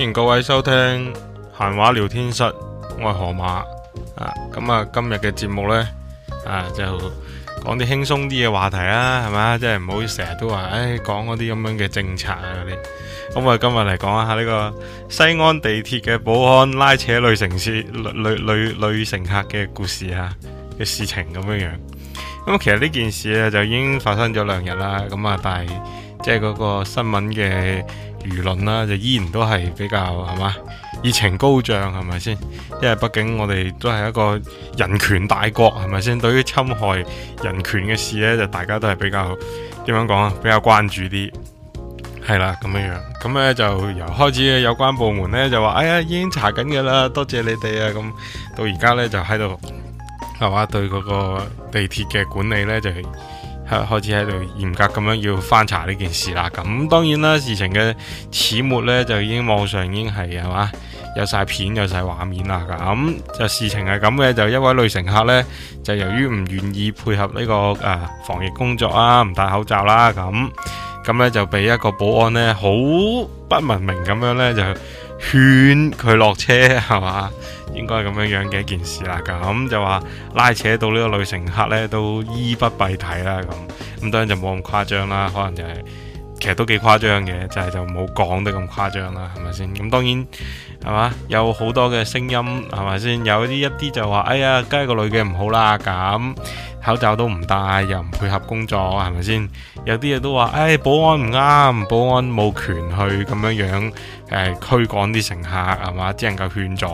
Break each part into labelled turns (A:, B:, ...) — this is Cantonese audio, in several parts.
A: 歡迎各位收聽閒話聊天室，我係河馬啊，咁、嗯、啊今日嘅節目呢，啊，就講啲輕鬆啲嘅話題啦，係咪啊？即係唔好成日都話，誒，講嗰啲咁樣嘅政策啊嗰啲。咁我哋今日嚟講一下呢個西安地鐵嘅保安拉扯女乘士、女女女乘客嘅故事啊嘅事情咁樣樣。咁其實呢件事咧就已經發生咗兩日啦。咁、嗯、啊，但係即係嗰個新聞嘅。輿論啦，就依然都係比較係嘛，熱情高漲係咪先？因為畢竟我哋都係一個人權大國，係咪先？ 對於侵害人權嘅事呢，就大家都係比較點樣講啊？比較關注啲，係啦咁樣樣。咁呢，就由開始嘅有關部門呢，就話，哎呀，已經查緊嘅啦，多謝你哋啊！咁到而家呢，就喺度係話，對嗰個地鐵嘅管理呢，就係、是。係開始喺度嚴格咁樣要翻查呢件事啦，咁當然啦，事情嘅始末呢，就已經網上已經係係嘛有晒片有晒畫面啦，咁就事情係咁嘅，就一位女乘客呢，就由於唔願意配合呢、呢個誒、啊、防疫工作啊，唔戴口罩啦、啊，咁咁呢，就畀一個保安呢，好不文明咁樣呢。就。勸佢落車係嘛， 應該係咁樣樣嘅一件事啦，咁就話拉扯到呢個女乘客呢，都衣不蔽體啦，咁咁當然就冇咁誇張啦，可能就係、是。其實都幾誇張嘅，就係、是、就冇講得咁誇張啦，係咪先？咁當然係嘛，有好多嘅聲音係咪先？有啲一啲就話，哎呀，梗係個女嘅唔好啦，咁口罩都唔戴，又唔配合工作，係咪先？有啲嘢都話，誒、哎，保安唔啱，保安冇權去咁樣樣，誒、呃，驅趕啲乘客係嘛？只能夠勸阻，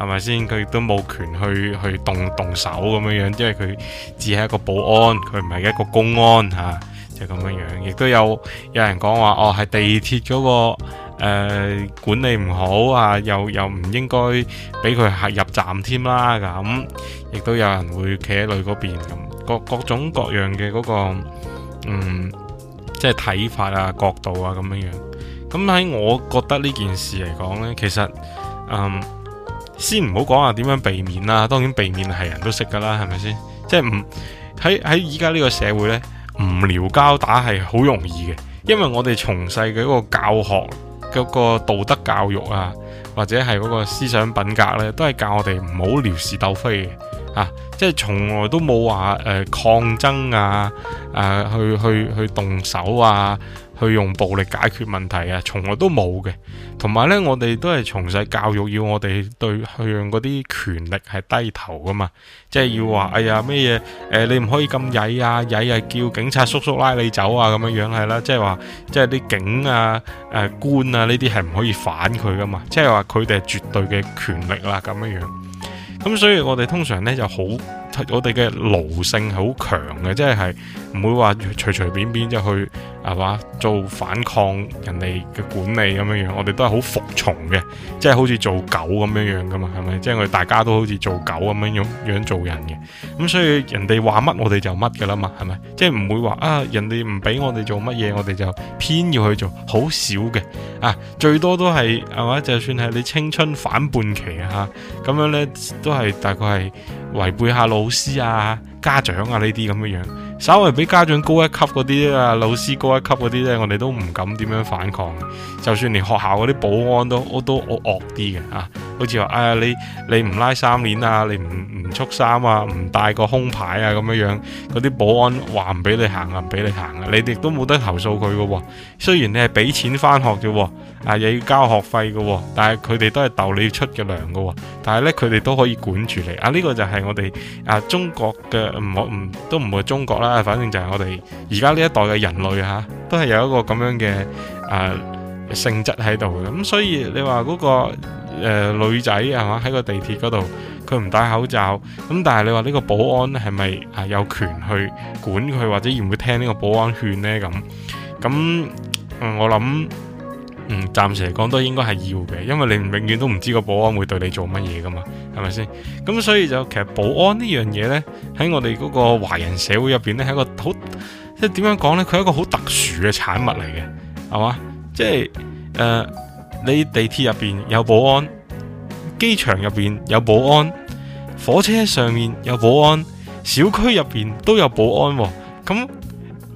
A: 係咪先？佢亦都冇權去去動動手咁樣樣，因為佢只係一個保安，佢唔係一個公安吓。就咁樣樣，亦都有有人講話，哦，係地鐵嗰、那個誒、呃、管理唔好啊，又又唔應該俾佢入入站添啦。咁、啊，亦都有人會企喺佢嗰邊咁，各各種各樣嘅嗰、那個嗯，即係睇法啊、角度啊咁樣樣。咁喺我覺得呢件事嚟講呢，其實嗯，先唔好講話，點樣避免啦？當然避免係人都識噶啦，係咪先？即係唔喺喺依家呢個社會呢。唔聊交打係好容易嘅，因為我哋從細嘅一個教學嗰個道德教育啊，或者係嗰個思想品格呢，都係教我哋唔好聊事鬥非嘅，啊，即係從來都冇話誒抗爭啊，誒、啊、去去去動手啊。去用暴力解決問題啊，從來都冇嘅。同埋呢，我哋都係從細教育，要我哋對向嗰啲權力係低頭噶嘛。即係要話，哎呀咩嘢？誒、呃、你唔可以咁曳啊，曳啊叫警察叔叔拉你走啊咁樣樣係啦。即係話，即係啲警啊、誒、呃、官啊呢啲係唔可以反佢噶嘛。即係話佢哋係絕對嘅權力啦咁樣樣。咁所以我哋通常呢就好。我哋嘅奴性係好強嘅，即係唔會話隨隨便便就去係嘛做反抗人哋嘅管理咁樣樣。我哋都係好服從嘅，即係好似做狗咁樣樣噶嘛，係咪？即係我哋大家都好似做狗咁樣樣做人嘅。咁所以人哋話乜我哋就乜噶啦嘛，係咪？即係唔會話啊，人哋唔俾我哋做乜嘢，我哋就偏要去做，好少嘅啊。最多都係係嘛，就算係你青春反叛期啊，咁樣呢都係大概係。違背下老師啊、家長啊呢啲咁嘅樣，稍微比家長高一級嗰啲啊，老師高一級嗰啲咧，我哋都唔敢點樣反抗，就算連學校嗰啲保安都，我都好惡啲嘅啊。好似話啊，你你唔拉三鏈啊，你唔唔束衫啊，唔帶個胸牌啊，咁樣樣，嗰啲保安話唔俾你行啊，唔俾你行啊，你哋都冇得投訴佢嘅。雖然你係俾錢返學啫，啊，又要交學費嘅，但係佢哋都係逗你出嘅糧嘅。但係呢，佢哋都可以管住你啊。呢個就係我哋啊，中國嘅唔唔都唔係中國啦，反正就係我哋而家呢一代嘅人類吓、啊，都係有一個咁樣嘅啊性質喺度嘅。咁、啊、所以你話嗰個。誒、呃、女仔，係嘛，喺個地鐵嗰度，佢唔戴口罩咁，但係你話呢個保安係咪係有權去管佢，或者要唔要聽呢個保安勸呢？咁咁我諗，嗯，暫時嚟講都應該係要嘅，因為你永遠都唔知個保安會對你做乜嘢㗎嘛，係咪先？咁所以就其實保安呢樣嘢呢，喺我哋嗰個華人社會入邊呢，係一個好，即係點樣講呢？佢係一個好特殊嘅產物嚟嘅，係嘛？即係誒。呃你地鐵入邊有保安，機場入邊有保安，火車上面有保安，小區入邊都有保安喎。咁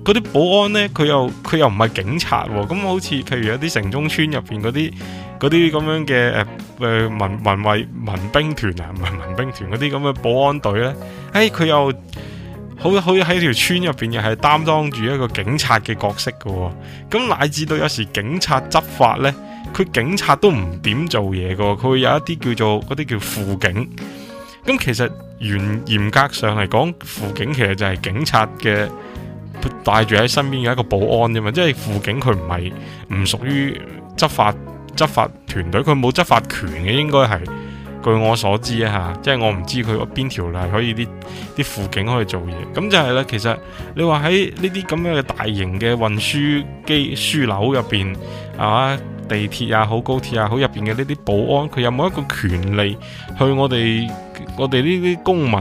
A: 嗰啲保安呢，佢又佢又唔係警察喎。咁好似譬如有啲城中村入邊嗰啲嗰啲咁樣嘅誒誒民民衛民，民兵團啊，唔係民民兵團嗰啲咁嘅保安隊呢。誒、哎、佢又好好喺條村入邊又係擔當住一個警察嘅角色嘅喎。咁乃至到有時警察執法呢。佢警察都唔點做嘢噶，佢會有一啲叫做嗰啲叫輔警。咁、嗯、其實嚴嚴格上嚟講，輔警其實就係警察嘅帶住喺身邊嘅一個保安啫嘛。即係輔警佢唔係唔屬於執法執法團隊，佢冇執法權嘅。應該係據我所知啊，吓即係我唔知佢邊條例可以啲啲輔警可以做嘢。咁、嗯、就係、是、咧，其實你話喺呢啲咁樣嘅大型嘅運輸機樞紐入邊，係嘛？地鐵啊，好高鐵啊，好入邊嘅呢啲保安，佢有冇一個權利去我哋我哋呢啲公民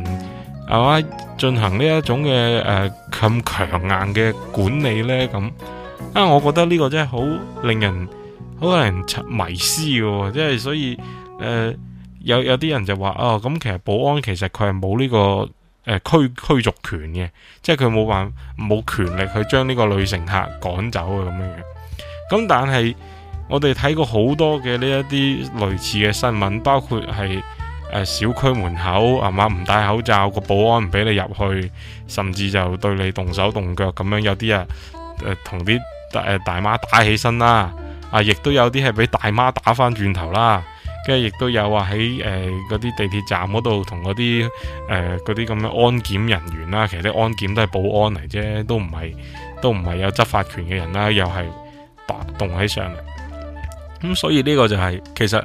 A: 啊，進行呢一種嘅誒咁強硬嘅管理呢？咁啊，我覺得呢個真係好令人好令人迷思嘅。即係所以誒有有啲人就話哦，咁其實保安其實佢係冇呢個誒驅驅逐權嘅，即係佢冇辦冇權力去將呢個女乘客趕走啊咁樣樣，咁但係。我哋睇過好多嘅呢一啲類似嘅新聞，包括係誒、呃、小區門口係嘛，唔戴口罩個保安唔俾你入去，甚至就對你動手動腳咁樣，有呀。有啲啊誒同啲誒大媽打起身啦，啊亦都有啲係俾大媽打翻轉頭啦，跟住亦都有話喺誒嗰啲地鐵站嗰度同嗰啲誒嗰啲咁樣安檢人員啦，其實啲安檢都係保安嚟啫，都唔係都唔係有執法權嘅人啦，又係動動起上嚟。咁、嗯、所以呢個就係、是、其實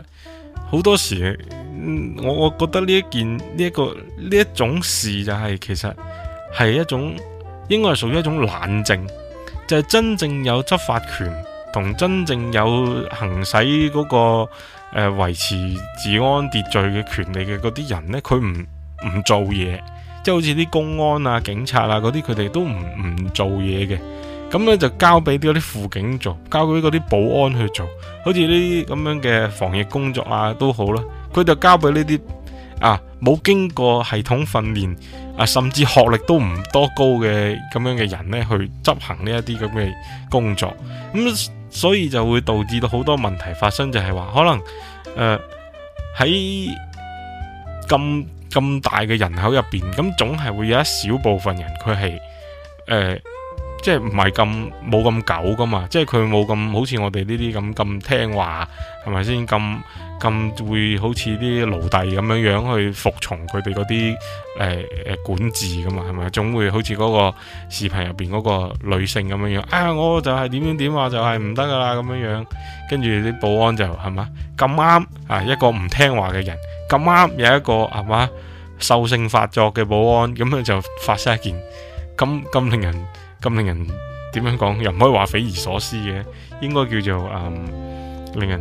A: 好多時，我、嗯、我覺得呢一件呢一,一個呢一種事就係、是、其實係一種應該係屬於一種懶政，就係、是、真正有執法權同真正有行使嗰、那個誒維、呃、持治安秩序嘅權利嘅嗰啲人呢，佢唔唔做嘢，即、就、係、是、好似啲公安啊、警察啊嗰啲，佢哋都唔唔做嘢嘅。咁咧、嗯、就交俾啲嗰啲輔警做，交俾嗰啲保安去做，好似呢啲咁樣嘅防疫工作啊都好啦。佢就交俾呢啲啊冇經過系統訓練啊，甚至學歷都唔多高嘅咁樣嘅人咧去執行呢一啲咁嘅工作。咁、嗯、所以就會導致到好多問題發生，就係、是、話可能誒喺咁咁大嘅人口入邊，咁總係會有一小部分人佢係誒。即係唔係咁冇咁久噶嘛？即係佢冇咁好似我哋呢啲咁咁聽話係咪先？咁咁會好似啲奴隸咁樣樣去服從佢哋嗰啲誒誒管治噶嘛？係咪？總會好似嗰個視頻入邊嗰個女性咁樣樣啊、哎？我就係點點點啊，就係唔得噶啦咁樣樣，跟住啲保安就係嘛咁啱啊一個唔聽話嘅人咁啱有一個係嘛獸性發作嘅保安，咁樣就發生一件咁咁令人。咁令人點樣講，又唔可以話匪夷所思嘅，應該叫做誒、嗯、令人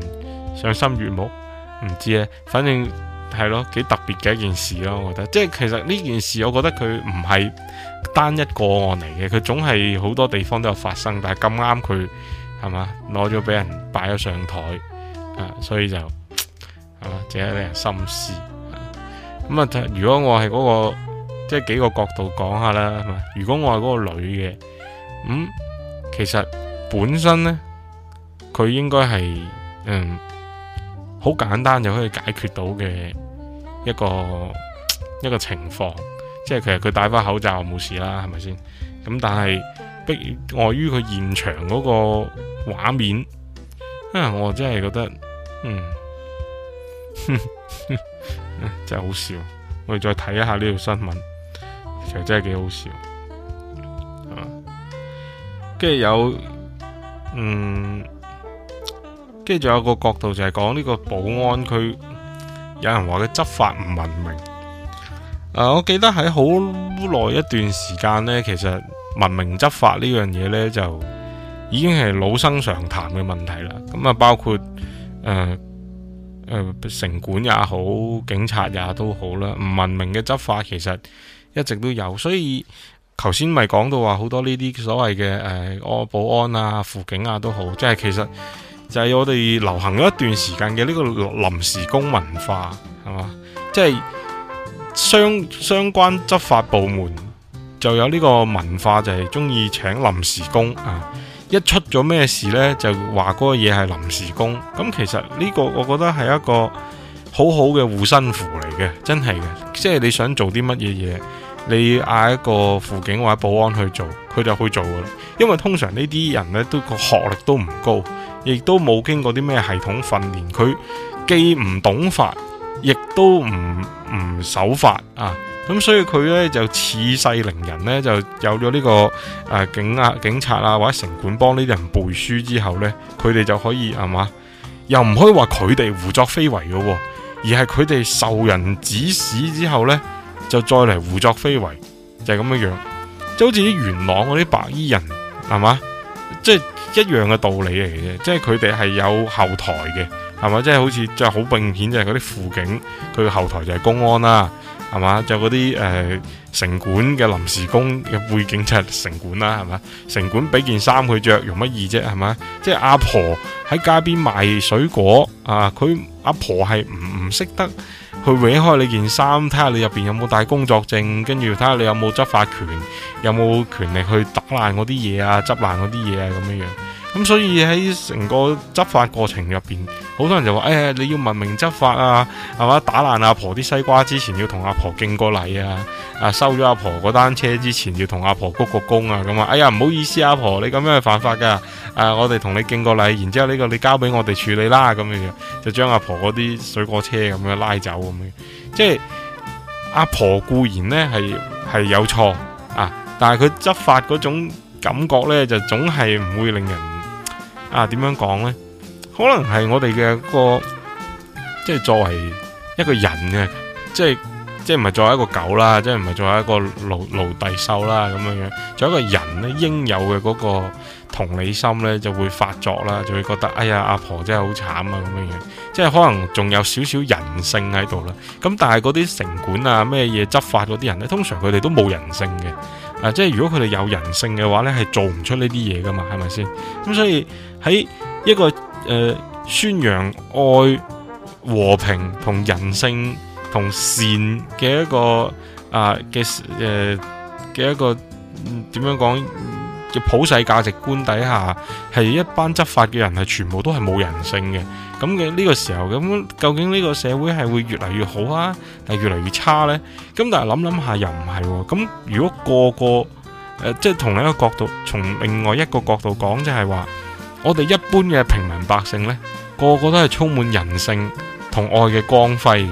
A: 賞心悅目，唔知咧，反正係咯幾特別嘅一件事咯，我覺得即係其實呢件事，我覺得佢唔係單一個案嚟嘅，佢總係好多地方都有發生，但係咁啱佢係嘛攞咗俾人擺咗上台，所以就係嘛值得令人深思。咁啊，如果我係嗰、嗰個即係幾個角度講下啦，係嘛？如果我係嗰個女嘅。咁、嗯、其實本身咧，佢應該係嗯好簡單就可以解決到嘅一個一個情況，即係其實佢戴翻口罩冇事啦，係咪先？咁、嗯、但係迫礙於佢現場嗰個畫面，啊、嗯，我真係覺得嗯， 真係好笑。我哋再睇一下呢條新聞，其實真係幾好笑。跟住有，嗯，跟住仲有個角度就係講呢個寶安區，有人話佢執法唔文明。誒、呃，我記得喺好耐一段時間呢，其實文明執法呢樣嘢呢，就已經係老生常談嘅問題啦。咁啊，包括、呃呃、城管也好，警察也都好啦，唔文明嘅執法其實一直都有，所以。頭先咪講到話好多呢啲所謂嘅誒，我、呃、保安啊、輔警啊都好，即係其實就係我哋流行咗一段時間嘅呢個臨時工文化，係嘛？即係相相關執法部門就有呢個文化，就係中意請臨時工啊！一出咗咩事呢，就話嗰個嘢係臨時工。咁其實呢個我覺得係一個好好嘅護身符嚟嘅，真係嘅。即係你想做啲乜嘢嘢？你嗌一個輔警或者保安去做，佢就去做噶啦。因為通常呢啲人呢，都個學歷都唔高，亦都冇經過啲咩系統訓練，佢既唔懂法，亦都唔唔守法啊。咁所以佢呢，就恃勢凌人呢，就有咗呢、這個誒、呃、警啊警察啊或者城管幫呢啲人背書之後呢，佢哋就可以係咪、啊？又唔可以話佢哋胡作非為噶，而係佢哋受人指使之後呢。就再嚟胡作非為，就係咁樣樣，就好似啲元朗嗰啲白衣人，係嘛，即係一樣嘅道理嚟嘅，即係佢哋係有後台嘅，係嘛，即係好似就好明顯就係嗰啲輔警，佢嘅後台就係公安啦，係嘛，就嗰啲誒城管嘅臨時工嘅背景就係城管啦，係嘛，城管俾件衫佢着，容乜易啫，係嘛，即係阿婆喺街邊賣水果啊，佢阿婆係唔？識得去搲開你件衫，睇下你入邊有冇帶工作證，跟住睇下你有冇執法權，有冇權力去打爛嗰啲嘢啊，執爛嗰啲嘢啊，咁樣樣。咁所以喺成個執法過程入邊，好多人就話：哎呀，你要文明執法啊，係嘛？打爛阿婆啲西瓜之前，要同阿婆敬個禮啊！啊，收咗阿婆單車之前，要同阿婆鞠個躬啊！咁啊，哎呀，唔好意思、啊，阿婆你咁樣係犯法噶。誒、啊，我哋同你敬個禮，然之後呢個你交俾我哋處理啦。咁樣樣，就將阿婆嗰啲水果車咁樣拉走咁樣，即係阿婆固然咧係係有錯啊，但係佢執法嗰種感覺咧，就總係唔會令人。啊，點樣講咧？可能係我哋嘅個，即係作為一個人嘅，即係即係唔係作為一個狗啦，即係唔係作為一個奴奴隸獸啦咁樣樣，作為一個人咧應有嘅嗰個。同理心咧就會發作啦，就會覺得哎呀，阿婆真係好慘啊咁樣樣，即係可能仲有少少人性喺度啦。咁但係嗰啲城管啊咩嘢執法嗰啲人咧，通常佢哋都冇人性嘅。啊、呃，即係如果佢哋有人性嘅話咧，係做唔出呢啲嘢㗎嘛，係咪先？咁所以喺一個誒、呃、宣揚愛和平同人性同善嘅一個啊嘅誒嘅一個點、呃、樣講？普世價值觀底下，係一班執法嘅人係全部都係冇人性嘅。咁嘅呢個時候，咁究竟呢個社會係會越嚟越好啊，定係越嚟越差呢？咁但係諗諗下又唔係喎。咁如果個個即係同一個角度，從另外一個角度講，就係話，我哋一般嘅平民百姓呢，個個都係充滿人性同愛嘅光輝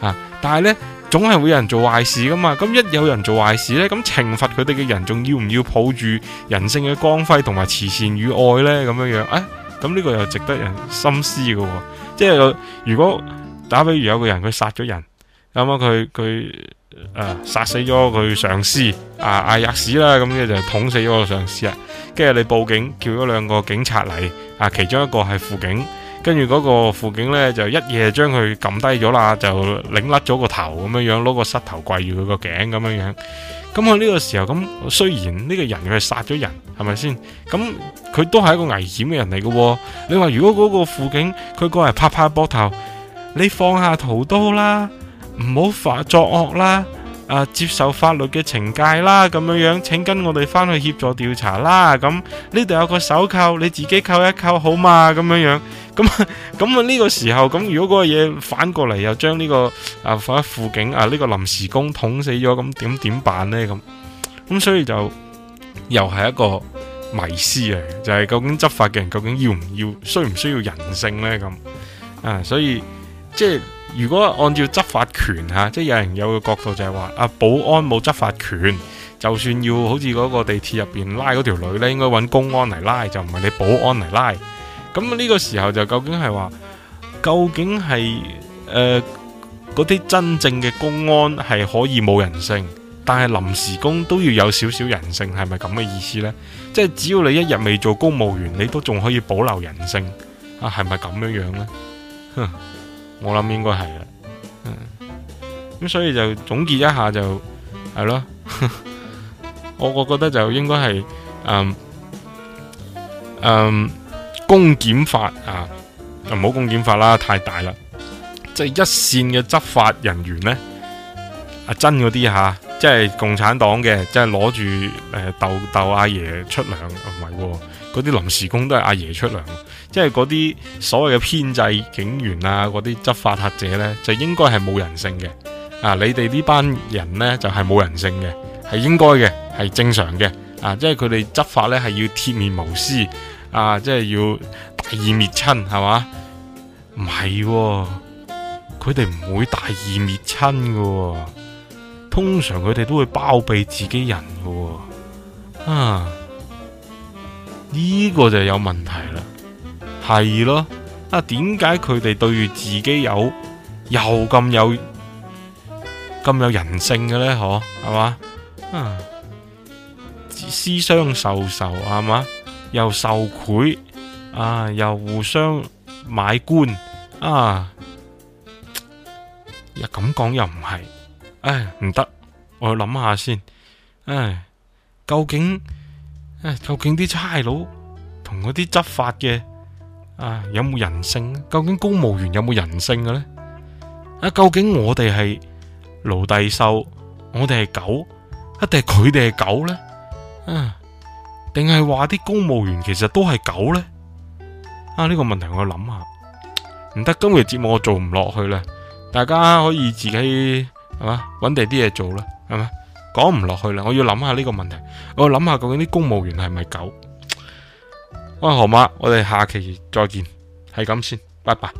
A: 嘅啊！但係呢。總係會有人做壞事㗎嘛。咁一有人做壞事呢，咁懲罰佢哋嘅人，仲要唔要抱住人性嘅光輝同埋慈善與愛呢？咁樣樣，誒、欸，咁呢個又值得人深思嘅、呃。即係如果打比如有個人佢殺咗人，咁啊佢佢誒殺死咗佢上司啊嗌吔屎啦，咁、啊、嘅、啊啊、就捅死咗個上司啊，跟住你報警叫咗兩個警察嚟，啊其中一個係輔警。跟住嗰個輔警呢，就一夜將佢撳低咗啦，就擰甩咗個頭咁樣樣，攞個膝頭跪住佢個頸咁樣樣。咁佢呢個時候咁，雖然呢個人佢係殺咗人，係咪先？咁佢都係一個危險嘅人嚟嘅，哦。你話如果嗰個輔警佢過嚟拍拍膊頭，你放下屠刀啦，唔好發作惡啦，啊、呃、接受法律嘅懲戒啦，咁樣樣，請跟我哋翻去協助調查啦。咁呢度有個手扣，你自己扣一扣好嘛，咁樣樣。咁咁啊！呢個時候咁，如果嗰個嘢反過嚟，這個，又將呢個啊，輔警啊，呢、這個臨時工捅死咗，咁點點辦呢？咁咁，所以就又係一個迷思啊！就係、是、究竟執法嘅人究竟要唔要，需唔需要人性呢？咁啊，所以即係如果按照執法權吓，即係有人有個角度就係話啊，保安冇執法權，就算要好似嗰個地鐵入邊拉嗰條女呢，應該揾公安嚟拉，就唔係你保安嚟拉。咁呢個時候就究竟係話，究竟係誒嗰啲真正嘅公安係可以冇人性，但係臨時工都要有少少人性，係咪咁嘅意思呢？即係只要你一日未做公務員，你都仲可以保留人性啊？係咪咁樣樣呢？哼，我諗應該係啦。咁、嗯、所以就總結一下就係咯，我 我覺得就應該係嗯嗯。嗯公檢法啊，就唔好公檢法啦，太大啦。即係一線嘅執法人員呢，阿珍嗰啲吓，即係共產黨嘅，即係攞住誒豆豆阿爺出糧，唔係嗰啲臨時工都係阿爺出糧。即係嗰啲所謂嘅編制警員啊，嗰啲執法者呢，就應該係冇人性嘅。啊，你哋呢班人呢，就係冇人性嘅，係應該嘅，係正常嘅。啊，即係佢哋執法呢，係要鐵面無私。啊，即係要大義滅親係嘛？唔係，佢哋唔會大義滅親噶。通常佢哋都會包庇自己人噶喎。啊，呢個就有問題啦。係咯，啊，點解佢哋對住自己有又咁有咁有，有人性嘅咧？嗬，係嘛？啊，私相授受係嘛？又受賄啊！又互相買官啊！又咁講又唔係，唉，唔得，我要諗下先。唉，究竟，唉，究竟啲差佬同嗰啲執法嘅，啊，有冇人性？究竟公務員有冇人性嘅呢？啊，究竟我哋係奴隸獸？我哋係狗，一定係佢哋係狗呢？嗯。定係話啲公務員其實都係狗呢？啊，呢個問題我要諗下，唔得，今日節目我做唔落去啦。大家可以自己係嘛，搵地啲嘢做啦，係咪？講唔落去啦，我要諗下呢個問題，我要諗下究竟啲公務員係咪狗？喂，河馬，我哋下期再見，係咁先，拜拜。